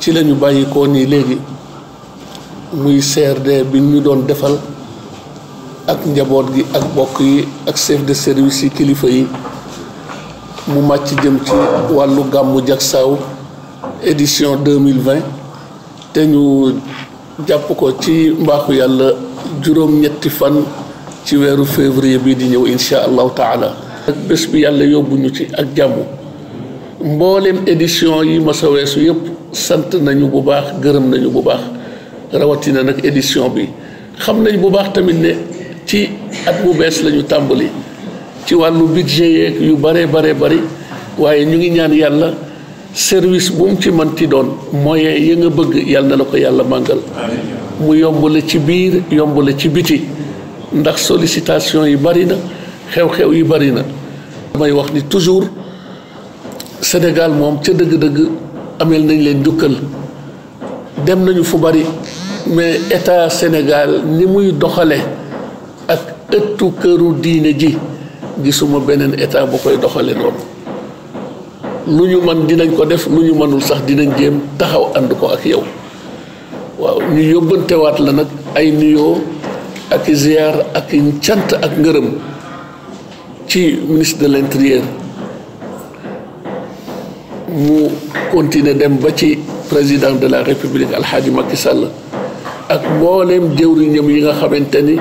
ci lañu ñu bàyyi ko nii léegi muy CRD bi ñu doon defal ak njaboot gi ak bokk yi ak chef de service yi kilifa yi mu màcc jëm ci wàllu gàmmu Jaksaaw édition 2020 te ñu jàpp ko ci mbaaxu yàlla juróom-ñetti fan ci wéru février bi di ñëw insha allah taala ak bés bi yàlla yóbbu ñu ci ak jàmm mboolem édition yi ma sa weesu yëpp sant nañu bu baax gërëm nañu bu baax rawatina nag édition bi xam nañ bu baax tamit ne ci at bu bees lañu tàmbali ci wàllu budget yeeg yu bare bare bari waaye ñu ngi ñaan yàlla service bu mu ci ti doon moyen yi nga bëgg yàlla na la ko yàlla màngal mu yomb la ci biir yomb la ci biti ndax solicitation yi bëri na xew-xew yi bëri na damay wax ni toujours Sénégal moom ca dëgg-dëgg ameel nañ leen njukkal dem nañu fu bari mais état Sénégal ni muy doxale ak ëttu këru diine ji gisuma beneen état bu koy doxalee noonu lu ñu man dinañ ko def lu ñu mënul sax dinañ jéem taxaw ànd ko ak yow waaw ñu yóbbantewaat la nag ay nuyoo ak i ziyaar ak i cant ak ngërëm ci ministre de l'intérieur mu continuer dem ba ci président de la république alxaaji Macky Sall ak mbooleem jëwriñam yi nga xamante ni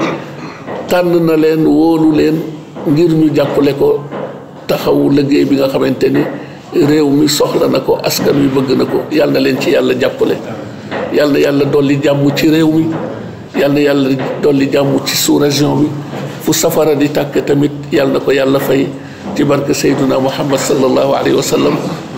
tànn na leen woolu leen ngir ñu jàppale ko taxawu liggéey bi nga xamante ni réew mi soxla na ko askan wi bëgg na ko yàlla na leen ci yàlla jàppale yàlla na yàlla dolli jàmm ci réew mi yalla yàlla doli jamu ci sous région bi fu safara di tak tamit yalla ko yàlla fay ci barke Seydina Muhammad sallallahu alayhi wa sallam